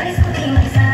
What is cooking myself?